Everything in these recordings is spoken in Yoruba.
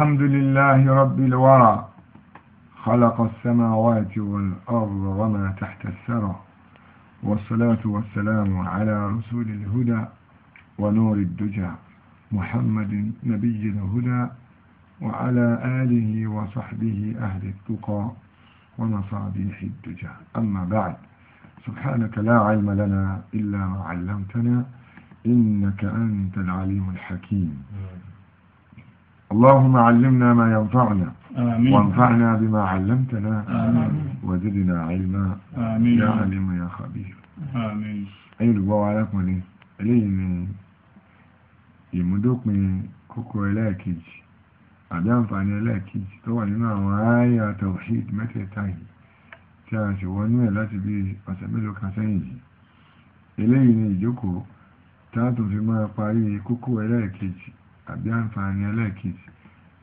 الحمد لله رب الورى خلق السماوات والأرض وما تحت الثرى والصلاة والسلام على رسول الهدى ونور الدجى محمد نبي الهدى وعلى آله وصحبه أهل التقى ومصابيح الدجى أما بعد سبحانك لا علم لنا إلا ما علمتنا إنك أنت العليم الحكيم اللهم علمنا ما ينفعنا آمين. وانفعنا بما علمتنا آمين. وزدنا علما آمين. يا عليم يا خبير آمين. أيها الأخوة عليكم لين يمدوكم kókó ẹlẹ́ẹ̀kejì àbí àǹfààní ẹlẹ́ẹ̀kejì tó wà nínú àwọn àyà tawhid mẹ́tẹ̀ẹ̀ta yìí tí a sì wọ́n ní ẹ̀ láti bí ọ̀sẹ̀ mélòó kan sẹ́yìn yìí eléyìí ni ìjókòó tá a tún fi máa parí kókó ẹlẹ́ẹ̀kejì tàbí àǹfààní ẹlẹ́ẹ̀kejì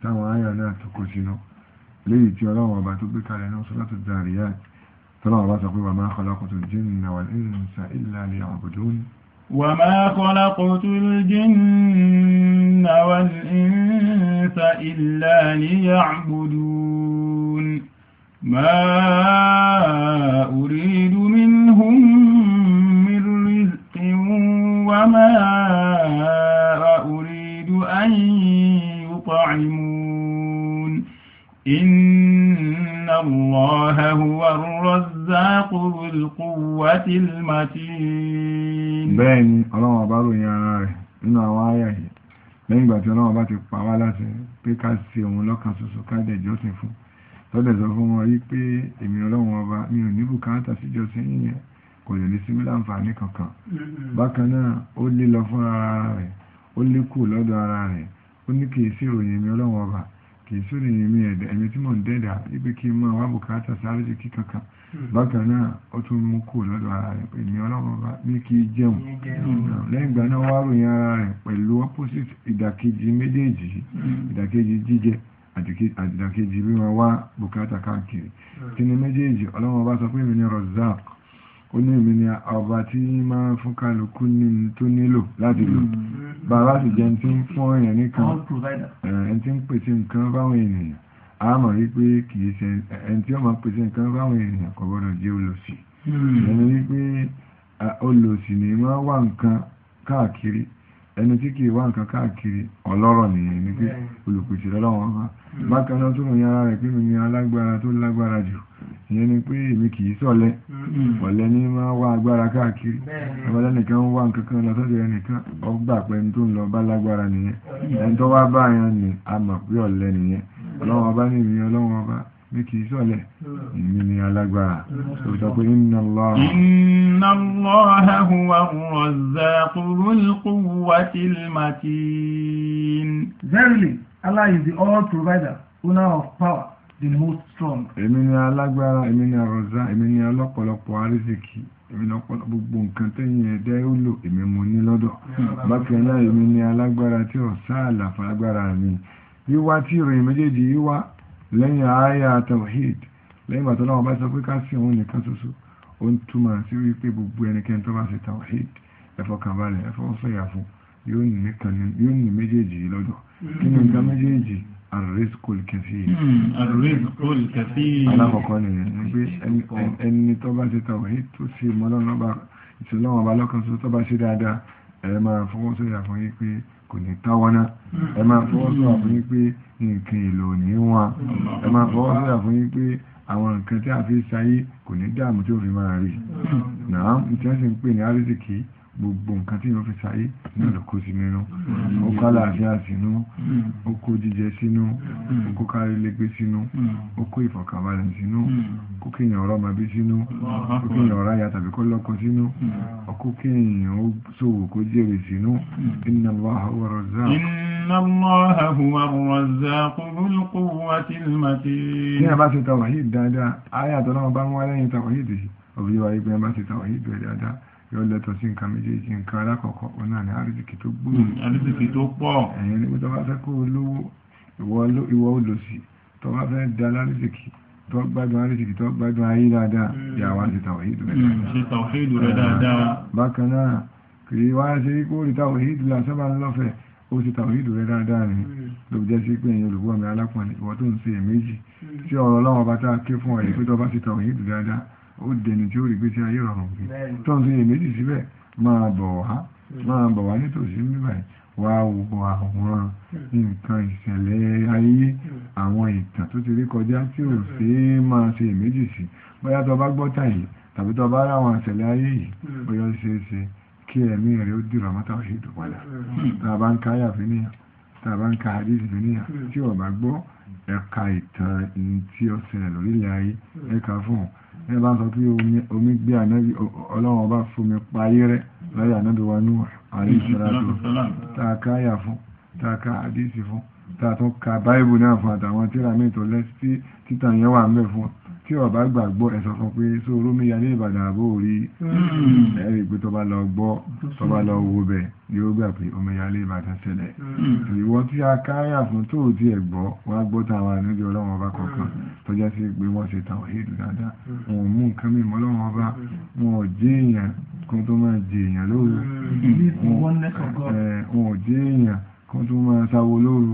táwọn àyà náà tó kó sínú léyìí tí ọlọ́run ọba tó gbé kalẹ̀ náà sọ́lá tó dàrí yá tọ́lá ọba sọ pé wà máa kọ́lá kọ́tò jinna wal insa illa liya'budun. wà máa kọ́lá kọ́tò jinna wal insa illa liya'budun. ما أريد يطعمون إن الله هو الرزاق بالقوة القوة المتين بين الله بارو يا nínú àwọn àyà yìí lẹ́yìn ìgbà tí ọlọ́run bá ti pa wá sọ fún wọn yí pé èmi ọlọ́run ọba mi ò ní bùkátà síjọsìn yìnyẹn kò lè ní símílà àǹfààní kankan bákan náà ó lé lọ fún ara rẹ̀ ó lékù lọ́dọ̀ ara rẹ̀ ó ní kìí sí ìròyìn mi ọlọ́run ọba kìí sí ìròyìn mi ẹ̀dẹ̀ ẹ̀mí tí mò ń dẹ́dà ibi kí n máa wá bùkátà sáré jù kí kankan hmm. bákan náà ó tún mú kù lọ́dọ̀ ara rẹ̀ èmi ọlọ́run ọba ní kí jẹun hmm. lẹ́yìn ìgbà náà wá ròyìn ara rẹ̀ pẹ̀lú opposite ìdàkejì méjèèjì hmm. ìdàkejì jíjẹ àdìdàkejì bí wọn wá bùkátà káàkiri kí ni méjèèjì ọlọ́run ọba sọ pé mi ní Razzaq ó ní èmi ni ọba tí máa fún kálukú ní tó nílò láti lò mm. bàbá sì jẹ́ tí ń fún èèyàn nìkan ẹni tí ń pèsè nǹkan báwọn ènìyàn a mọ̀ wípé kìí ṣe ẹni tí ó máa pèsè nǹkan báwọn ènìyàn kò gbọ́dọ̀ jẹ́ olòṣì mm. ẹni wípé olòṣì ni máa wà nǹkan káàkiri ẹni tí kì í wá nǹkan káàkiri ọlọ́rọ̀ nìyẹn ni pé olùpèsè lọ́wọ́ ọba hmm. bákan náà tó ròyìn ara rẹ̀ pé mi ni alágbára tó lágbára jù ìyẹn ni pé èmi kì í ṣọ̀lẹ hmm. ọ̀lẹ ní máa wá agbára káàkiri ọba nìkan wá nǹkan kan lọ sọ́dọ̀ lagbara ọgbà pẹ́ni tó ń lọ bá lágbára nìyẹn hmm. ẹni tó wá ni a mọ̀ pé nìyẹn ọba ní ìrìn ọba ní kìí sọ́lẹ̀ ìmì hmm. ni alágbára tó hmm. sọ pé inna Allah inna Allah huwa ar-razzaqu dhul-quwwatil matin verily Allah is the all provider owner of power the most strong èmi ni alágbára èmi ni àrọ̀zá èmi ni ọlọ́pọ̀lọpọ̀ arísìkì èmi ni ọ̀pọ̀lọpọ̀ gbogbo nǹkan tẹ́yìn ẹ̀dá ó lò èmi mo ní lọ́dọ̀ bákan náà èmi ni alágbára tí ọ̀sá àlàfà agbára mi wíwá tí ìròyìn méjèèjì yíwá lẹ́yìn àáyà tawhid lẹ́yìn bàtọ́ náà bá sọ pé ká sí òun nìkan ṣoṣo ó ń túmọ̀ sí wípé gbogbo ẹnikẹ́ni tó bá ṣe tawhid ẹ̀fọ́ kàbálẹ̀ ẹ̀fọ́ sọ̀yà fún yóò ní méjèèjì lọ́dọ̀ kí ni nǹkan méjèèjì àrísíkòl kẹfì àrísíkòl kẹfì alákọ̀ọ́kọ́ nìyẹn ni pé ẹni tó bá ṣe tawhid tó ṣe mọ́lọ́nà bá ìṣẹ̀lọ́wọ̀n bá lọ́kàn tó bá ṣe dáadáa ẹ̀ máa fọwọ́sọ̀yà fún yí pé kò ní táwọná hmm. ẹ máa fọwọ́ sọ̀rọ̀ fún yín pé nǹkan èlò ní wọn hmm. ẹ máa fọwọ́ sọ̀rọ̀ fún yín pé àwọn nǹkan tí a fi ṣayé kò ní dààmú tí fi máa rí hmm. nàá ìtẹ́sìn pè ní àrísìkí gbogbo nǹkan tí yóò fi sáyé náà ló kó sí nínú hmm. ó kó àlàáfíà sínú hmm. ó kó jíjẹ sínú hmm. ó kó kárílégbé sínú ó kó ìfọ̀kànbalẹ̀ sínú kó kéèyàn ọ̀rọ̀ ọmọ bí sínú kó kéèyàn ọ̀rọ̀ aya tàbí kó lọ́kọ sínú kó kéèyàn ó ṣòwò kó jèrè sínú inna Allaha huwa razzaq. inna Allaha huwa razzaq dhul quwwatil matin. ní àbáṣe tàwáhìd dáadáa ayé àtọ́nà ọba ń wá lẹ́yìn tàwáhìd yìí yóò lẹ́tọ̀ sí nǹkan méjèèjì nǹkan alákọ̀ọ́kọ́ òun náà ni àrísìkì tó gbòòrò hmm, àrísìkì tó pọ̀ ẹ̀yìn ni tó bá fẹ́ kó olówó ìwọ olòṣì tó bá fẹ́ da lárísìkì tó gbádùn àrísìkì tó gbádùn ayé dáadáa yà wá ṣe tàwíìdù rẹ̀ hmm, ah, dáadáa bákan náà kì í wá ṣe kó rí tàwíìdù làṣẹ́bà lọ́fẹ̀ẹ́ ó ṣe tàwíìdù rẹ̀ dáadáa ni hmm. ló jẹ́ sí pé èyàn olùgbọ́ mi alápọ̀ni ìwọ tó ń ṣe èméjì tí ọ̀rọ̀ ọlọ́run ọba tá a ké fún ọ̀yẹ́ pé tó bá ṣe tàwíìdù dáadáa ó dẹni tí ó rí pé tí ayé rọrùn bí tọ́n sí èméjì síbẹ̀ máa bọ̀ wá hmm. máa bọ̀ wá nítòsí nígbà wá wo àwọn hmm. nǹkan ìṣẹ̀lẹ̀ ayé hmm. àwọn ìtàn tó ti rí kọjá tí ò sí máa ṣe èméjì sí bóyá tó bá gbọ́tà yìí tàbí tó bá ráwọn ìṣẹ̀lẹ̀ ayé yìí bóyá ó ṣeé ṣe kí ẹ̀mí rẹ̀ ó dìrọ̀ mọ́tà òṣèlú tá a bá ń káyà fi níyàn tàbá ń ka hadith nìyà hmm. tí wọ́n bá gbọ́ ẹ̀ka ìtàn tí ó ṣẹlẹ̀ lórílẹ̀ ayé hmm. ẹ̀ka fún un ẹ bá sọ pé omi gbé ànábì ọlọ́run ọba fomi parí rẹ láyé ànábì wa nù àríṣàlátò hmm. tá a ká àyà fún tá a ká hadith fún tá a tún ka báìbù náà fún àtàwọn tíra mẹ́tọ̀ lẹ́sí títàn yẹn wà ń bẹ̀ fún wọn tí ọba gbàgbọ́ ẹ̀sọ́ kan pé só olómìyà ní ìbàdàn àbó orí hmm. ẹ̀rí pé tọba lọ gbọ́ tọba lọ wo bẹ̀ yóò gbà pé ọmọya lè ìbàdàn ṣẹlẹ̀ hmm. ìwọ tí a káyà fún tó ti ẹ̀gbọ́ wá gbọ́ táwọn àníjọ ọlọ́run ọba kọ̀ọ̀kan hmm. tó jẹ́ sí pé wọ́n ṣe tàwọn èèdù dáadáa wọn ò mú nǹkan mímọ́ ọlọ́run ọba wọn ò jẹ́ èèyàn kan tó máa jẹ èèyàn lóru eh, wọn ò jẹ́ èèyàn kan tó máa sáwo lóru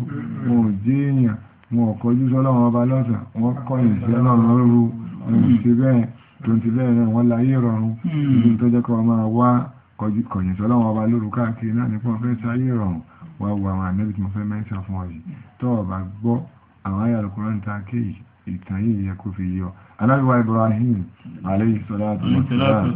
wọn ò jẹ́ èèyàn wọn ò kọjú sọ́lọ́run ọba lọ́sàn wọ́n kọ̀yìn sí ọlọ́run lóru wọn ti bẹ́ẹ̀ tó ti bẹ́ẹ̀ náà wọ́n láyé rọrùn hmm. ibi tó jẹ́ kọ́ máa wá kọ̀yìn sọ́lọ́run ọba lóru káàkiri náà nípa ọ̀fẹ́ sáyé rọrùn wá wo àwọn àmẹ́bí tí mo fẹ́ mẹ́ńsà fún ọ yìí tó o bá àwọn ayé Al-Qur'an ta kéyìí ìtàn yìí yẹ kó fi yọ alábíwá Ibrahim alayhi salatu wa salam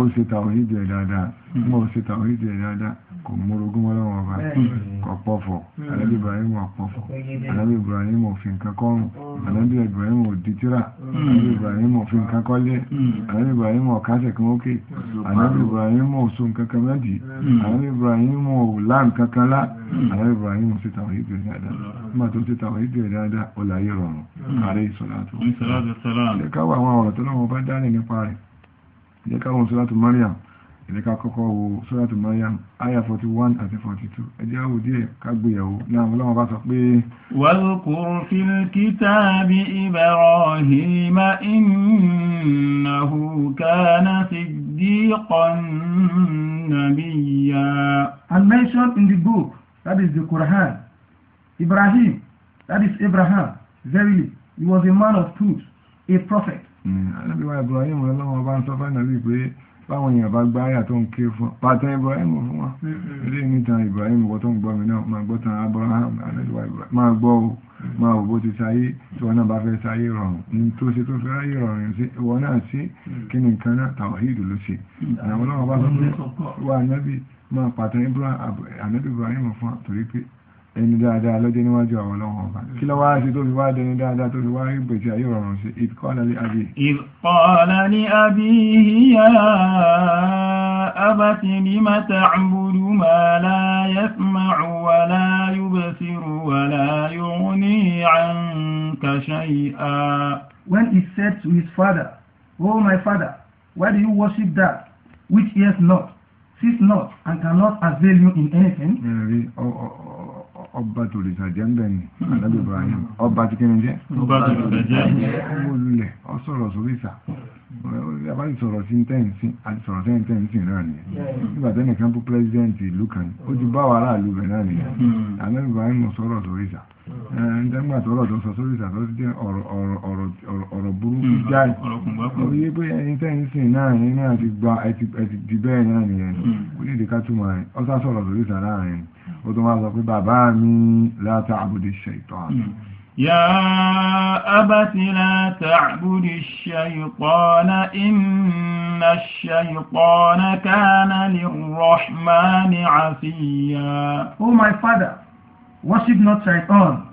ó ṣe tàwọn ìdí ẹ̀ dáadáa kò múrogún wọn lọ́wọ́ ọba kò hmm. pọ̀fọ̀ alábí ibrahim hmm. àpọ̀fọ̀ alábí ibrahim òfin kankọrùn alábí ibrahim òdítírà hmm. alábí ibrahim òfin kankọlé alábí ibrahim ọ̀kásẹ̀ kan alábí ibrahim òsùn kankan mẹ́jì alábí ibrahim òlàn kankan lá alábí ibrahim ọrụ wọ́n dáadáa nígbà tó dáadáa ó láyé rọrùn ẹ̀dẹ́ka kọ́kọ́ wo sọ́dọ̀tù Maryam aya 41 àti 42 ẹjẹ́ àwò díẹ̀ kágbéyàwó náà ọlọ́wọ́ bá sọ pé wazkur fil kitabi Ibrahima innahu kana siddiqan nabiyya and mentioned in the book that is the Quran Ibrahim that is Abraham verily he was a man of truth a prophet. Hmm. Ànábì Ibrahim ọlọ́wọ́ bá ń sọ fún ànàbí pé báwọn èèyàn bá gbá àyà tó ń ké fún pàtàn Ibrahim fún wọn mm-hmm. ilé nítan Ibrahim wọ́n tó ń gbọ́ mi náà máa gbọ́ tan Abraham anẹ́lúwà Ibrahim máa gbọ́ o máa wò bó ti sáyé tí wọn náà bá fẹ́ sáyé rọrùn ní tó ṣe tó fẹ́ ráyè rọrùn sí wọn náà sí mm. kí ni nǹkan náà tàwáhídù ló ṣe mm. àwọn ọlọ́wọ́ bá sọ pé wà nábì máa pàtàn Ibrahim fún torí pé ẹni dáadáa lọ́jọ́ níwájú àwọn ọlọ́wọ́n ọba kí ló wá sí tó fi wá dẹni dáadáa tó fi wá rí pẹ̀tì ayé ọ̀rọ̀ sí ìkọ́lá ní abí ìkọ́lá ní abí yá abati ní mata àbúrú ma la yasma'u wa la yubasiru wa la yughni 'anka shay'a when he said to his father oh my father why do you worship that which hears not sees not and cannot avail you in anything ọba tó lè sàjẹ́ ń bẹ̀ ni alábẹ̀bẹ̀ ayé ọba tí kí ni jẹ́ ọba tó lè ọsọ̀rọ̀ sórí ìsà yàbá ìsọ̀rọ̀ sí tẹ́ǹsì àti sọ̀rọ̀ sí tẹ́ǹsì náà ni nígbà president ìlú kan ó ti bá wàhálà soro rẹ̀ náà gba ẹti di bẹ́ẹ̀ náà nìyẹn ó ní يا أبت لا تعبد الشيطان إن الشيطان كان للرحمن عصيا Oh my father, worship not Shaitan.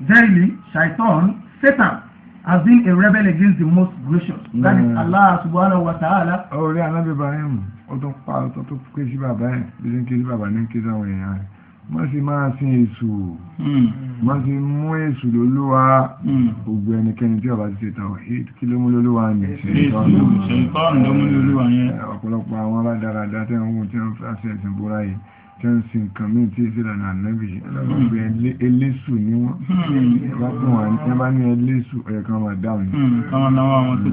Verily, Shaitan, Satan, has been a rebel against the most gracious. That is hmm. Allah subhanahu wa ta'ala. Orí Anábì Ibrahim, ó tún pa ọ̀tọ̀ tó ké sí bàbá ẹ̀, bí ó ń ké sí bàbá ní ké sí àwọn èèyàn rẹ̀ má sì máa sin èṣù hmm. má sì mú èṣù lólúwa hmm. gbogbo ẹnikẹ́ni tí ọba ti ṣe tàwọn kí ló mú lólúwa ní ṣèǹtọ́nù ló mú lólúwa yẹn eh, ọ̀pọ̀lọpọ̀ àwọn aládáradá tẹ́ ń wò tí wọ́n fẹ́ ṣe ẹ̀sìn bóra yìí tẹ́ ń sin nǹkan míì tí ìṣẹ̀lẹ̀ náà nẹ́bì ọlọ́gbẹ̀ eléṣù ni wọ́n hmm. bá fún wa ní bá ní eléṣù ọ̀yẹ̀ kan máa dáhùn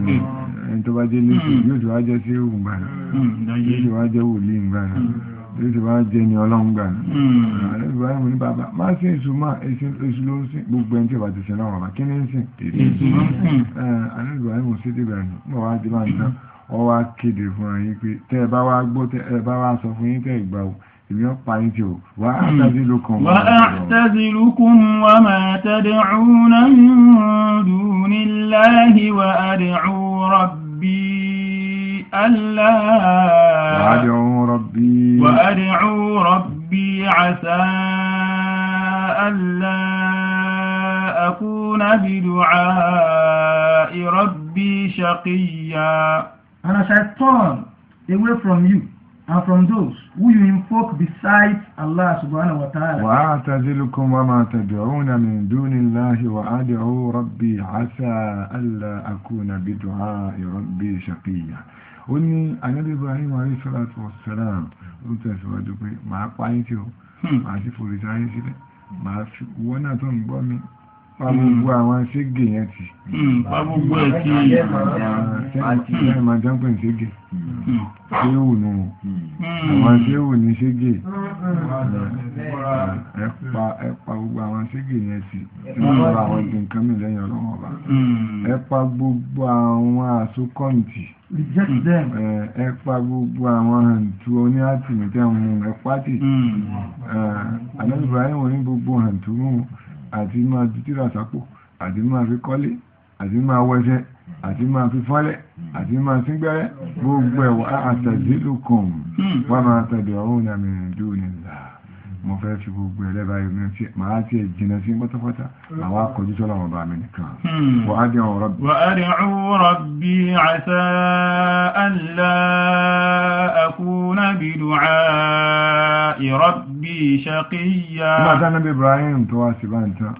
ní. ẹni tó bá jẹ́ eléṣù yóò tó wá jẹ́ sí òògùn gbàdá yóò tó wá jẹ́ wòlíì gbàdá yóò ti wá jẹ́ ni ọlọ́run gbà ní. ààrẹ ìbára mi ní bàbá má sí èṣù má èṣù ló ń sìn gbogbo ẹni tí ìbá ti sin lọ́wọ́ bá kí ni ń sìn. èṣù ààrẹ ìbára mi sí dìbà ní mo wá di máa tán ọ wá kéde fún ọ pé tẹ ẹ bá wá gbọ́ tẹ ẹ bá wá sọ fún yín tẹ ẹ o èmi ọ pa yín tí o wà á hmm. tẹ́sí lukùn. wà á tẹ́sí lukùn wà máa tẹ́dẹ̀ ọ̀húnà ربي وأدعو ربي عسى ألا أكون بدعاء ربي شقيا And as I turn away from you and from those who you invoke besides Allah subhanahu wa ta'ala. وأعتزلكم وما تدعون من دون الله وأدعو ربي عسى ألا أكون بدعاء ربي شقيا. ó ní anábì Ibrahim alayhi salatu wa salam ó tẹ̀síwájú pé màá pa yín tí o màá sì forí sáyé sílẹ̀ màá fi wọ́n náà tó ń gbọ́ mi pa gbogbo àwọn ṣége yẹn ti. pa gbogbo ẹ̀ ti ṣẹ́yìn máa jẹ́ ń pè ní ṣége ṣéwù nù àwọn ṣéwù ní ṣége ẹ pa gbogbo àwọn ṣége yẹn ti lọ́wọ́ àwọn nǹkan mi lẹ́yìn ọlọ́wọ́ ọba ẹ pa gbogbo àwọn àsokọ́ǹtì. Hmm. ẹ pa gbogbo àwọn hàǹtù oní àtìmí tẹ́ mú ẹ pátì àlọ́dúnbà ẹ̀wọ̀n ní gbogbo hàǹtù mú àti máa ju tíra sápò àti máa fi kọ́lé àti máa wẹsẹ̀ àti máa fi fọ́lẹ̀ àti máa síngbẹ́rẹ́ gbogbo ẹ̀wọ̀ àtàzílùkùn wà máa tàbí ọ̀hún àmì ìrìnjú nínú وأدعو ربي عسى ألا أكون بدعاء ربي شقيا ما ذا إبراهيم تواسي بانتا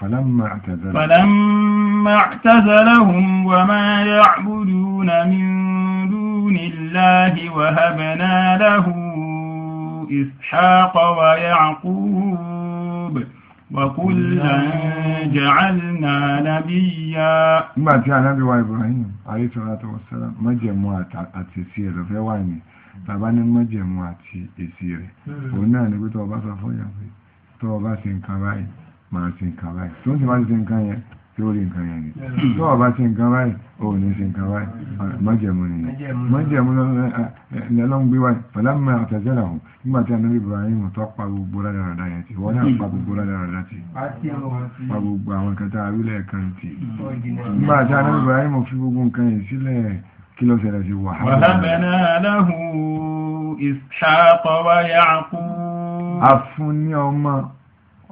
فلما اعتزلهم فلما اعتزلهم وما يعبدون من دون الله وهبنا له إسحاق ويعقوب وكلا جعلنا نبيا ما tí ànábì wa عليه الصلاة والسلام wassalam májẹ̀mú àti èsì rẹ̀ lọ́fẹ́ wà ní tàbá ní májẹ̀mú àti èsì rẹ̀ òun náà ní pé tọ́ ọba sọ fọ́yà pé tọ́ ọba sí nǹkan báyìí máa sí nǹkan báyìí tó ń sì máa sí nǹkan yẹn lórí nǹkan yẹn ni tó ọba ṣe nǹkan báyìí o ò ní ṣe nǹkan báyìí májẹ̀mú ni májẹ̀mú lọ́lọ́run gbé wáyé pẹ̀lámà àtẹ̀sẹ̀là ọ̀hún nígbà tí anábì Ibrahim tó pa gbogbo rádaràdà yẹn ti wọ́n náà pa gbogbo rádaràdà ti pa gbogbo àwọn kẹta àrílẹ̀ kan ti nígbà tí anábì Ibrahim fi gbogbo nǹkan yẹn sílẹ̀ kí ló ṣẹlẹ̀ sí wàhálà. wàhábẹ̀nà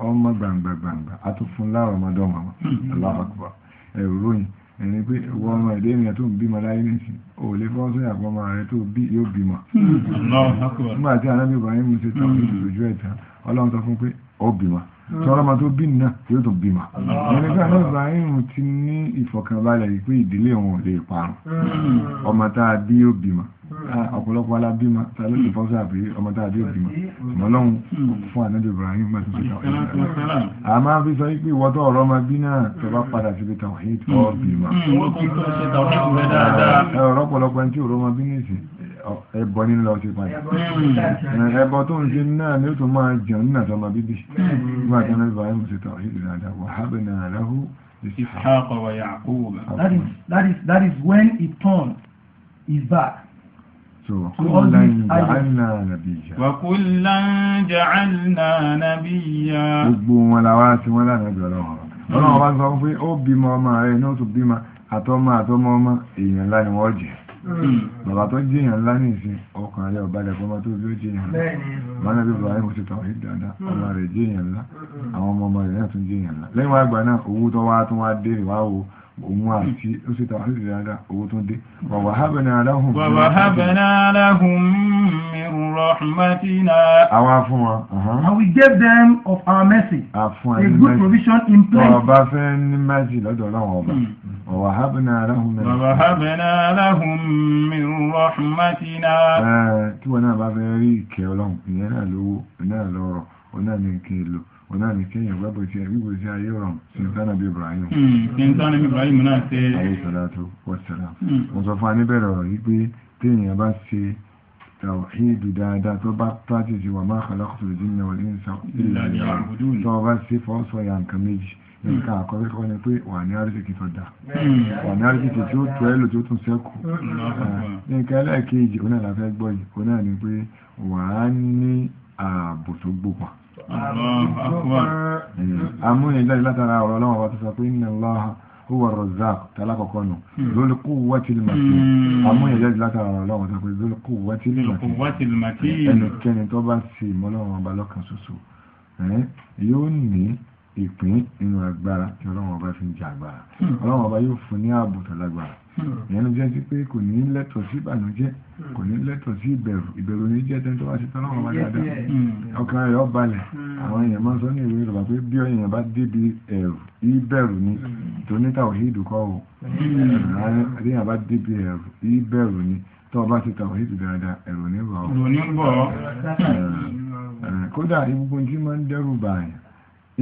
ọmọ gbangba gbangba a tún fún láàrọ̀ ọmọdé ọmọ wọn aláwàkùbà ẹ̀rù ròyìn ẹni pé ìwọ ọmọ ẹ̀dá ènìyàn tó ń bímọ láyé nìsín ò lè fọ́ sóyà pọ̀ ọmọ rẹ tó bí yóò bímọ. nígbà tí anábìbọ̀ ayé mu ṣe tán ìdòdòjú mm. ẹ̀ta ọlọ́run sọ fún pé ó bímọ tí ọlọ́mọ tó bí nìyà yóò tó bímọ ẹni pé àná Ibrahim ti ní ìfọ̀kànbalẹ̀ yìí pé ìdílé òun ò lè parun hmm. ọmọ tá a bí yóò bímọ hmm. ah, ọ̀pọ̀lọpọ̀ alábímọ tá ló ti fọ́ sí àbí ọmọ tá a bí yóò bímọ hmm. ọmọlọ́run fún àná Ibrahim máa tún fi tàwọn èèyàn rẹ̀ a máa fi sọ pé ìwọ tó ọ̀rọ̀ ọmọ bí náà tó bá padà síbi tàwọn èèyàn tó bímọ ọ̀rọ̀ ọ̀pọ̀lọpọ̀ ẹni tí ọ̀rọ̀ ọmọ bí nìyẹn ẹbọ ní lọ sí padà ẹbọ tó ń ṣe náà ni ó tún máa jẹun nínú àtọmọ bíbí nígbà tí wọn bá ẹmu ṣètò ìlú dáadáa wahabna lahu ishaqa wa ya'quba. that is that is that is when he turned his back. وكلا جعلنا نبيا وكلا جعلنا نبيا gbogbo wọn la wá sí wọn lánàá jọ lọ́wọ́ ọlọ́run bá sọ pé ó bímọ ọmọ rẹ̀ ní ó tún bímọ àtọmọ àtọmọ ọmọ èèyàn ńlá ni wọ́n jẹ́ Hmm. Hmm. bàbá tó jí èèyàn ńlá ní ìsìn ọkàn rẹ̀ ọ̀balẹ̀ fọmọ tó bí jí èèyàn ńlá wọn bí bàbá mo ti tàwọn ìdáná hmm. ọmọ rẹ̀ jí èèyàn ńlá àwọn ọmọ ọmọ rẹ̀ náà tún jí èèyàn ńlá lẹ́yìn wá gbà náà owó tó wá tún wá dé rè wá wo òun àti ó sì tàwọn ìdáná dáadáa owó tó dé wàwà hábẹ̀nà aláhùn wàwà hábẹ̀nà aláhùn rahmatina àwa fún wọn. and we gave them of our mercy a good provision in place. ọba fẹ́ ní mercy lọ́dọ̀ ọlọ́run ọba. ووهبنا لهم من ووهبنا لهم من رحمتنا kí wọ́n náà bá fẹ́ rí ìkẹ́ ọlọ́run ìyẹn náà lówó náà lọ́rọ̀ ọ̀nà ní kí n lò ọ̀nà ní kí èèyàn gbàgbọ́ sí ẹ̀rí gbèsè ayé ọ̀rọ̀ sìntánà bí Ibrahim sìntánà hmm, bí Ibrahim náà ṣe ayé sọ̀dátó wọ́sẹ̀lá mo sọ fún aníbẹ̀rẹ̀ ọ̀rọ̀ yìí pé téèyàn bá ṣe tàwíìdù dáadáa tó bá pàtìsì wà máa kàlákùtù ìdí náà wọlé ń sọ tó bá ṣe fọ́ sọ yà nǹkan méjì nǹkan àkọ́kọ́ ni pé wà ní àríṣìkì tó dá wà ní àríṣìkì tí ó tó ẹlò tí ó tún sẹ́kù nǹkan ẹlẹ́ẹ̀kejì oní àlàfẹ́ gbọ́ yìí oní àní pé wà á ní ààbò tó gbòpà amúnilẹ́yìn látara ọ̀rọ̀ ọlọ́wọ́ wa tó sọ pé inna Allaha huwa ar-razzaq tálákọ̀ọ́kọ́ nù dhul hmm. quwwatil matin hmm. amúnilẹ́yìn látara ọ̀rọ̀ ọlọ́wọ́ tó sọ pé dhul quwwatil matin ẹnikẹ́ni tó bá sì mọ́lọ́wọ́ ọba lọ́kàn ṣoṣo yóò ní ìpín nínú agbára tí ọlọ́run ọba fi ń jẹ agbára hmm. ọlọ́run ọba yóò fún ní ààbò tó lágbára hmm. ìyẹn ló jẹ́ sí pé kò ní lẹ́tọ̀ sí ìbànújẹ́ hmm. kò ní lẹ́tọ̀ sí ìbẹ̀rù ìbẹ̀rù ní jẹ́ tẹ́ntọ́ bá ti tọ́ ọba dáadáa ọkàn rẹ̀ ó balẹ̀ àwọn èèyàn máa ń sọ ní ìwé Yorùbá pé bí èèyàn bá débi ẹ̀rù ìbẹ̀rù ni tóníta òhì ìdùkọ́ o èèyàn bá débi ẹ̀rù ìbẹ̀rù ni tó bá ti tọ̀ òhì ìdù dáadáa ẹ̀rù ní bọ̀ kódà ibùgbọ́n tí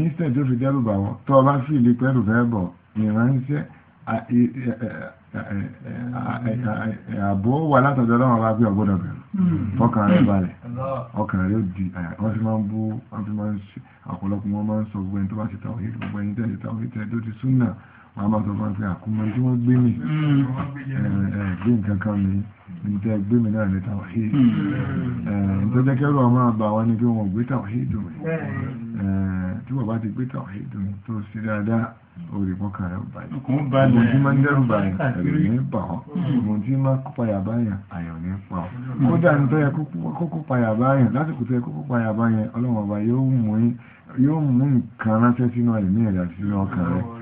instant tó fi dẹ́rù bà wọ́n tó ọba sí ilé pẹ́rù fẹ́ bọ̀ ìránṣẹ́ e, e, e, àbò wà látọ̀dọ̀ ọlọ́run ọba pé ọgbọ́dọ̀ bẹ̀rù hmm. ọkàn rẹ̀ balẹ̀ ọkàn rẹ̀ ó di wọ́n fi máa ń bú wọ́n fi máa ń ṣe ọ̀pọ̀lọpọ̀ wọn máa ń sọ gbogbo ẹni tó bá ti tàwọn èyí gbogbo ẹni tẹ́ ti tàwọn èyí tẹ́ tó ti súnà wọ́n máa sọ fún pé àkúmọ̀ tí wọ́n gbé mi hmm. gbé nǹkan kan mi níta gbé mi náà ní tàwáhí nítorí kẹ́rù ọmọ àbá wọn ni hmm. kí wọ́n gbé tàwáhí dùn mí tí wọ́n bá ti gbé tàwáhí dùn mí tó sí dáadáa orí kọ́kàn rẹ̀ báyìí ọmọ tí máa ń dẹ́rù báyìí ẹ̀rù ní bà ọ́ hmm. ọmọ tí máa kó payà báyìí àyàn ní pa ọ́ kódà ní tó yẹ kókó payà báyìí lásìkò tó yẹ kókó payà báyìí ọlọ́wọ́n ọba yóò mú nǹkan ránṣẹ́ sínú ẹ̀mí ẹ̀dá sínú ọkàn rẹ̀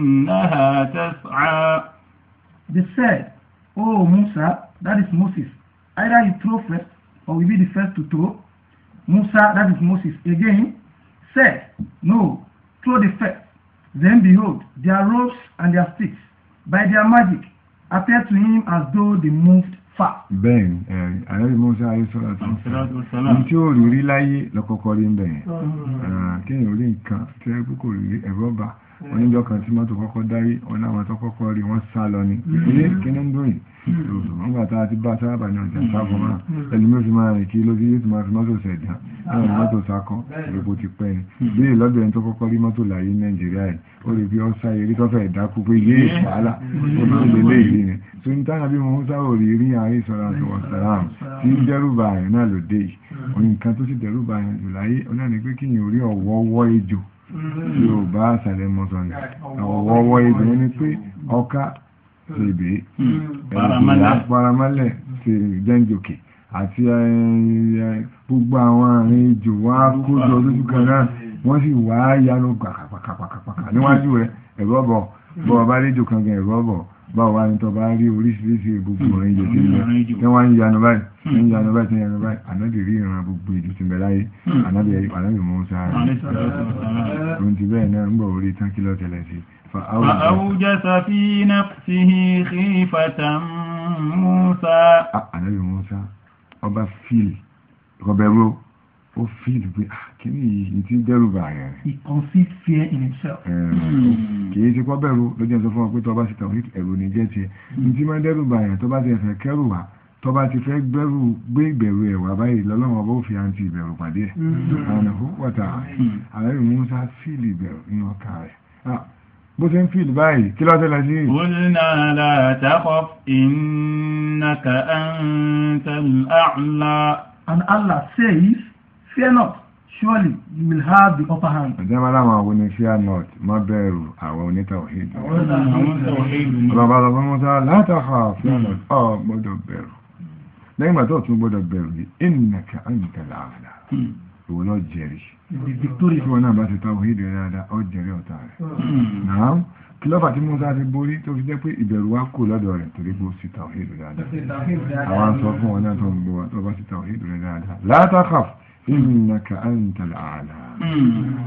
إنها تسعى They said, Oh Musa, that is Moses, either you throw first or we be the first to throw. Musa, that is Moses, again said, No, throw the first. Then behold, their ropes and their sticks, by their magic, appeared to him as though they moved far. fast. Bẹ́ẹ̀ni, Ànábì Musa Ayéṣọ́lá tó ń sọ, ní tí ó rí rí láyé lọ́kọ́kọ́ rí ń bẹ̀yẹn, kéèyàn rí nǹkan tí ẹ kúkò rí ẹ̀rọ bá oníjọ́ kan tí mọ́tò kọ́kọ́ dárí ọ̀nà àwọn tó kọ́kọ́ rí wọ́n sá lọ ni hmm. ilé kíní ń dùn yìí wọ́n hmm. gbà tá a ti bá sábà ní ọjà hmm. sábà máa ẹni mi máa rìn kí ló fi ti máa fi mọ́tò ṣẹ̀dá láwọn ah. mọ́tò sákọ́ èpo ti pẹ́ ni bíi lọ́dọ̀ ẹni tó kọ́kọ́ rí mọ́tò láyé nàìjíríà yìí ó lè fi ọ́sá eré tọ́fẹ̀ ìdákú pé yé ìpàlà ó ló lè lé ìlú ni tó ń tánà bí mo ń sáwò rí rí àárín ìsọ̀rọ̀ àti wọ̀sàràm tí ń dẹ́rùbà àyàn náà lòdì yìí òyìnkan tó sì dẹ́rùbà àyàn jù láyé ó náà ní pé kíyìn orí ọ̀wọ́wọ́ ejò tí ò bá àṣàlẹ̀ mọ́tò ní ọ̀wọ́wọ́ ibẹ̀ ni pé ọkà tèbè hmm. paramálẹ̀ ti jẹ́ǹjòkè àti gbogbo àwọn àrin ìjò wá kójọ lójú kan náà wọ́n sì wá yanu pàkàpàkàpàkà níwájú rẹ̀ ẹ̀rọ bọ̀ bọ̀ ọba lẹ́jọ́ kan gan ẹ̀rọ bọ̀ báwo wá ní tó bá rí oríṣiríṣi gbogbo ọ̀rẹ́ ìjọ tí ń lọ tí wọ́n ń yanu báyìí tí hmm. ń yanu báyìí tí ń yanu báyìí ànábì rí ìran gbogbo ìjọ tí ń bẹ láyé hmm. ànábì ànábì mú sára ohun ti bẹ́ẹ̀ náà ń bọ̀ orí tán kí tẹ̀lẹ̀ sí. فأوجس في نفسه خيفة موسى ànábì Mùsá ọba fíìlì kọbẹ̀rú ó fíìlì pé ah, kíní yìí ti dẹ́rù he conceived fear in himself. kìí ṣe kọ́ bẹ̀rù ló jẹ́ sọ fún ọ pé tọ́ba ṣe tàwọn ẹ̀rù ní jẹ́ tiẹ̀ ní ti máa dẹ́rù bà yẹn tọ́ba ti ẹ̀fẹ̀ kẹ́rù wá tọ́ba ti fẹ́ gbẹ́rù gbé ìbẹ̀rù ẹ̀ wá báyìí lọ́lọ́run ọba ó fi àǹtí ìbẹ̀rù pàdé ẹ̀ àwọn ẹ̀kọ́ wọ̀tà ààrẹ musa fíìlì ìbẹ̀rù nínú ọkà rẹ̀ ah, bó ṣe ń fíìlì báyìí kí ló tẹ́lẹ̀ sí. qulna la takhaf innaka antal a'la. and Allah says fear not surely you will have the upper hand. ìjọba láwọn àwọn oní fear not má bẹ̀rù àwọn onítàwọ̀hídù. bàbá bàbá musa látàkà fear not ọ gbọ́dọ̀ bẹ̀rù lẹ́yìn ìgbà tó tún gbọ́dọ̀ bẹ̀rù yìí ìnìkà ànìkàlà àfàlà ìwọ náà jẹ́rìí. ìwọ náà bá ti tàwọ̀hídù rẹ̀ dáadáa ọ jẹ́rìí ọ̀tá rẹ̀ kílọ́fà tí Musa ti borí tó fi jẹ́ pé ìbẹ̀rù wa kò lọ́dọ̀ rẹ̀ torí bó sì tàwíìdù dáadáa àwọn sọ fún wọn náà tó ń gbọ́ tó bá sì tàwíìdù rẹ̀ dáadáa látàkàf إنك أنت الأعلى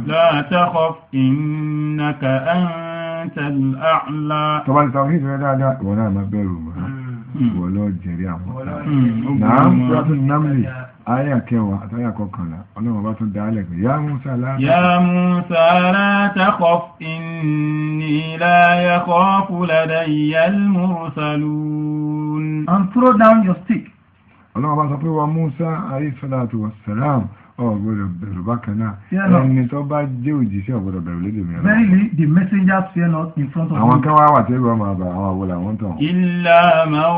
لا تخف إنك أنت الأعلى طبعا التوحيد لا لا ولا مبالغ ولا جريعة نعم رأس النمل آية كوا آية كوكنا أنا ما بطل دعالك يا موسى لا يا موسى لا تخف إني لا يخاف لدي المرسلون And throw يستيك ọlọ́wọ́ bá sọ pé wa Musa àríṣọ́láàtù wasalam ọ̀gbọ́dọ̀ bẹ̀rù bákan náà ẹni tó bá jẹ́ òjíṣẹ́ ọ̀gbọ́dọ̀ bẹ̀rù lédè mi. bẹ́ẹ̀ni the messenger fear not in front of you. àwọn kan wá wà tẹ́lẹ̀ wọn máa bá àwọn àwọn làwọn tàn. illa man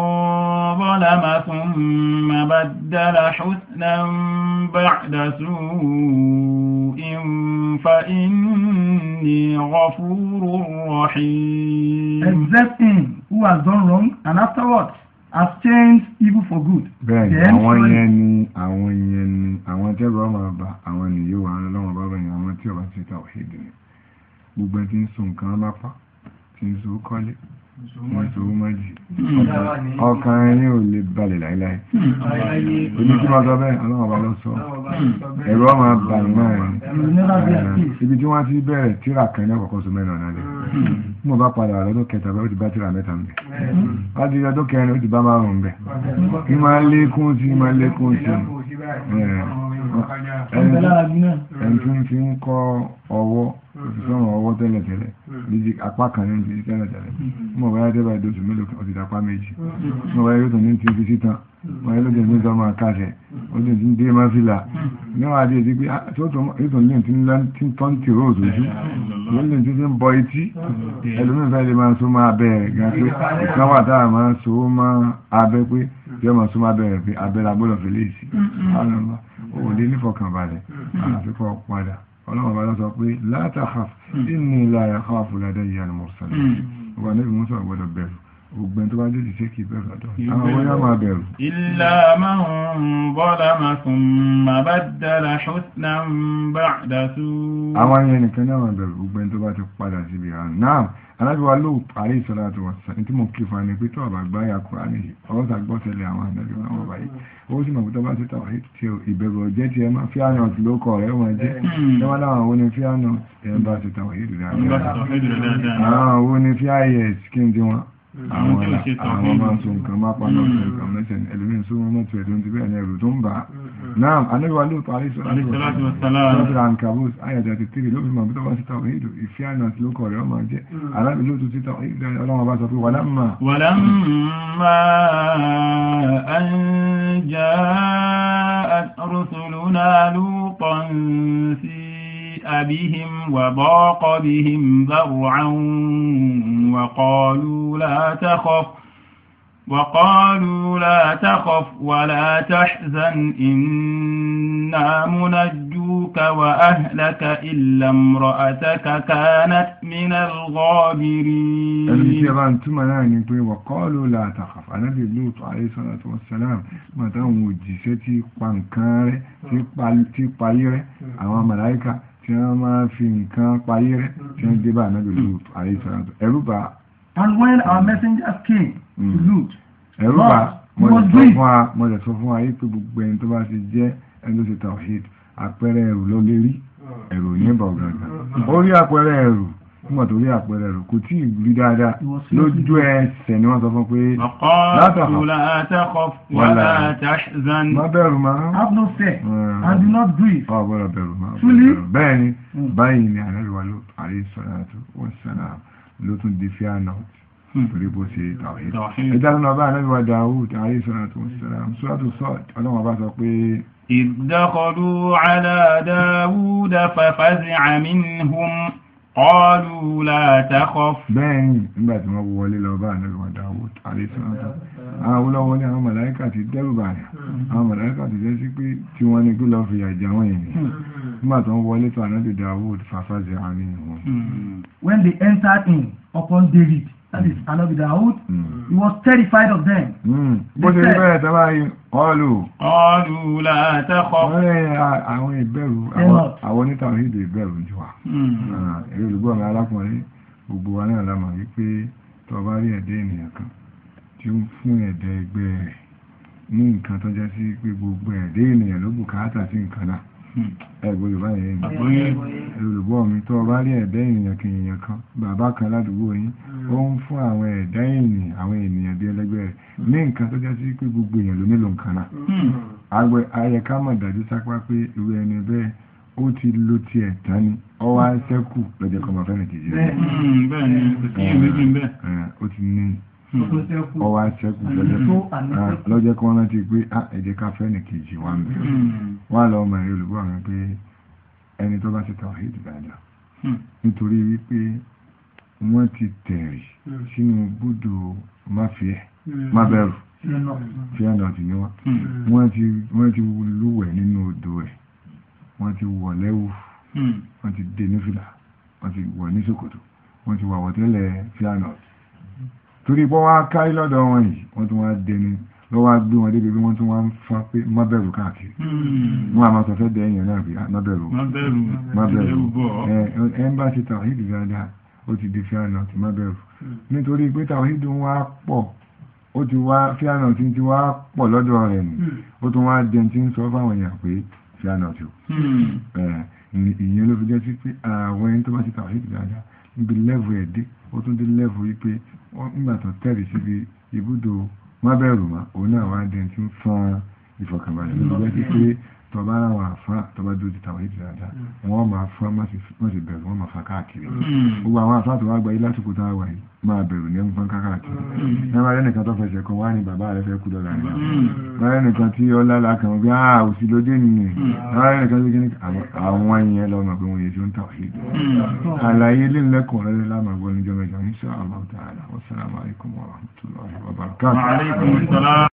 zalama thumma baddala husnan ba'da su'in fa inni ghafurur rahim. except him who has done wrong and afterwards. Has changed evil for good. bẹ́ẹ̀ni àwọn yẹn ni àwọn yẹn ni àwọn tẹ́lẹ̀ ọmọ ọba àwọn nìyó àwọn ọlọ́wọ́n bá bẹ̀yìn àwọn tí ọba ti ta òhèdè ni gbogbo ẹni tí ń so nǹkan lápá tí ń so kọ́lé mùsùlùmọ́jì ọkàn ẹ̀yin ò lè balẹ̀ láíláí èmi tí wọ́n sọ bẹ́ẹ̀ ọlọ́run bá lọ sọ hmm. ẹ̀rọ ọmọ bàmí eh, ibi tí wọ́n ti bẹ̀rẹ̀ tíra kan ní ọkọ̀ọ̀kan sọ mẹ́rin ọ̀nà rẹ̀ hmm. mo bá padà wà lọ́dún kẹta bá ó ti bá tíra mẹ́ta ń bẹ̀ wá hmm. di ọdún kẹrin ó ti bá márùn-ún ń bẹ̀ ìmọ̀ lékún sí ìmọ̀ lékún sí. Eh ẹni tí ń fi ń kọ́ ọwọ́ òṣìṣọ́rùn ọwọ́ tẹ́lẹ̀tẹ́lẹ̀ lójú apá kan ní ti tẹ́lẹ̀tẹ́lẹ̀ mọ̀ báyá tẹ́bà ìdóṣù mélòó kan òṣìṣẹ́ apá méjì mọ̀ báyá yóò tún ní ti fi sítan mọ̀ báyá lóde nígbà máa kàṣẹ ojú ti ń dé máa fìlà níwọ̀n adé ti pé yóò tún lè ti ń tán ti ró òṣòṣù yóò lè ti ń bọ etí ẹlòmíì fẹ́ lè máa so máa bẹ̀rẹ̀ gan pé ìkan wà tá a máa so máa abẹ́ pé yóò máa so máa bẹ̀rẹ̀ pé abẹ́ la gbọ́dọ̀ fẹ́ lè sí òde nífọ̀kànbalẹ̀ hmm. àfikọ́ padà ọlọ́run bá sọ pé la takhaf hmm. inni la yakhafu ladayya al-mursalin hmm. ọba níbi musa gbọ́dọ̀ bẹ̀rù gbogbo ẹni tó bá lòdì sí kì í bẹ̀rù ọ̀dọ̀ àwọn wọ́n yá máa bẹ̀rù. illa man zalama thumma baddala husnan ba'da su'. àwọn ayẹyẹ nìkan ní àwọn bẹ̀rù gbogbo ẹni tó bá ti padà síbi àná náà alábíwá ló parí ìṣọ́lá tó wà sàn tí mo kí fún ẹni pé tó àbá gbá ya kúrò ní ọ̀rọ̀ sàgbọ́sẹ̀lẹ̀ àwọn àdájọ́ àwọn ọba yìí ó sì mọ̀ pé tó bá ti tàwà yìí ti ìbẹ̀rù ọ̀jẹ́ Mm. àwọn àwọn máa tún mm. nǹkan máa paná fún nǹkan mẹ́sẹ̀ ẹlòmíín sún wọn mọ́tò ẹ̀dùn ti bẹ́ẹ̀ ní ẹ̀rù tó ń bà á. náà anáwó alóò parí sọ lọ́dọ̀ ankabus ayẹ̀dẹ̀ ti tìrì ló mọ̀ bíta wá sí tàwọn èdò ìfẹ́ àná àti lókọ̀ rẹ̀ ọmọ jẹ́ alábi ló tún sí tàwọn èdò ọlọ́wọ́n bá sọ pé wàlá mà. wàlá mà án já بهم وضاق بهم ذرعا وقالوا لا تخف وقالوا لا تخف ولا تحزن إنا منجوك وأهلك إلا امرأتك كانت من الغابرين الانتظام تمناني بي وقالوا لا تخف أنا لوط عليه الصلاة والسلام ما تنوجي ستي قنكاري تقبل تقبل أمام ملائكة tí wọ́n máa fi nǹkan payé rẹ̀ tí wọ́n dé bá ànábì Lut mm. alayhi salam ẹ̀rù bà. and when our mm. messengers came mm. to Lut. ẹ̀rù bà mo lè sọ fún wa mo lè sọ fún wa yìí pé gbogbo ẹni tó bá ti jẹ́ ẹni tó ṣe tawhid àpẹẹrẹ ẹ̀rù ló lè rí mm. ẹ̀rù ní ìbà ọ̀gàngàn ó rí àpẹẹrẹ ẹ̀rù nígbà tó rí àpẹẹrẹ rẹ̀ kò tí ì rí dáadáa lójú ẹsẹ̀ ni wọ́n sọ fún pé látàkọ̀ wàlá tàṣán. have no fear and hmm. do not grieve. ọ̀ gbọ́dọ̀ bẹ̀rù máa. túlí. bẹ́ẹ̀ ni hmm. báyìí ni àrẹ wa ló àrí sọ̀rọ̀ àti wọ́n sàn án ló tún di fear not hmm. torí ń bá àrẹ wa Dawud àrí bá sọ pé. إذ دخلوا على داود ففزع Qalu la takhaf. Bẹ́ẹ̀ni, nígbà tí wọ́n wọlé lọ bá àná ìwọ̀n Dawud, àríṣìláta. Àwọn olówó ní àwọn màláíkà ti dẹ́rùbà rẹ̀. Àwọn màláíkà ti jẹ́ sí pé tí wọ́n ní kí lọ fi àjà wọn yìí. Nígbà tí hmm. When they entered in upon David, that is anabi dawud hmm. he was terrified of them. Hmm. bó ṣe bẹ́ẹ̀ tẹ́lá yìí ọ̀lù. ọ̀lù la àwọn ìbẹ̀rù àwọn onítàwọn ìdè ìbẹ̀rù jù wá. èrè hmm. ah, olùgbọ́ mi alákùnrin gbogbo wa náà la mọ̀ wípé tó bá rí ẹ̀dẹ́ ènìyàn kan tí ó ń fún ẹ̀dẹ́ ẹgbẹ́ rẹ̀ ní nǹkan tó jẹ́ sí pé gbogbo ẹ̀dẹ́ ènìyàn ló bùkátà sí nǹkan náà. Hmm. ẹ̀gbọ́n yorùbá yẹn ni olùgbọ́ mi tó ọba rí ẹ̀dá ènìyàn kìnìyàn kan bàbá kan ládùúgbò yín hmm. ó ń fún àwọn ẹ̀dá ènìyàn àwọn ènìyàn bíi ẹlẹgbẹ́ rẹ̀ hmm. ní nǹkan tó gbogbo èèyàn ló nílò nǹkan náà àgbẹ̀ ayẹká mọ̀ dájú ẹni bẹ́ẹ̀ ọ wá ṣẹ́kù lọ́jọ́ kan máa fẹ́ràn rẹ̀ ó ti ní Hmm. ọwọ́ àṣẹ́kù lọ́jọ́ kí ah, wọ́n rántí pé ẹ̀jẹ̀ ah, káfẹ́ ní kejì wà ń bẹ̀ hmm. wọ́n lọ ọmọ ẹ̀rẹ́ olùgbọ́ mi pé ẹni tó bá ti tàwọn èdè dáadáa hmm. nítorí wípé wọ́n ti tẹ̀rì sínú búdò máfíẹ́ mábẹ́rù fíàndọ̀tì ni wọ́n wọ́n ti lúwẹ̀ nínú odò ẹ̀ wọ́n ti wọ̀ lẹ́wù wọ́n ti dé nífìlà wọ́n ti wọ̀ ní ṣòkòtò wọ́n ti wà wọ̀tẹ́lẹ̀ fíàndọ̀tì torí bọ́ wá kárí lọ́dọ̀ wọn yìí wọ́n tún wá dẹni lọ́ wá gbé wọn débi wọ́n tún wá ń fa pé má bẹ̀rù káàkiri hmm. wọ́n a máa sọ fẹ́ dẹ́yìn náà bí ah, má bẹ̀rù má bẹ̀rù ẹ ń bá ṣe tàwíìdì dáadáa ó ti di fíànà ti má bẹ̀rù hmm. nítorí pé tàwíìdì wá pọ̀ ó ti wá fíànà ti ti wá pọ̀ lọ́dọ̀ rẹ̀ nù hmm. ó tún wá dẹni tí ń sọ fáwọn èèyàn pé fíànà ti ìyẹn ló fi jẹ́ sí pé àwọn ẹni tó bá ṣe tàwíìdì dáadáa níbi lẹ́vù nígbà tó tẹ̀lé síbi ibùdó mábẹ́rù mọ́ òun náà wá dẹni tí ń fún ìfọ̀kànbalẹ̀ lọ́wọ́ pé tọba ara wà fún tọba dúró ti tàwọn ìdí dáadáa mm. wọn máa fún má sì bẹ̀rù wọn máa fa káàkiri mm. gbogbo àwọn àfáà tó wá gba ilá tòkòtà wà yìí máa bẹ̀rù ní ẹnfọn káàkiri mm. ẹ máa lẹ́nìkan tó fẹsẹ̀ kan wá ní bàbá rẹ fẹ́ kú dọ́là rẹ máa lẹ́nìkan tí ọlá la kàn wọ́n bí a ò sí lóde nìyẹn máa lẹ́nìkan tó kíni àwọn ẹ̀yìn lọ mọ̀ pé wọ́n yẹ tí ó ń tà wáyé àlàyé lẹ́nlẹ́kọ̀ọ́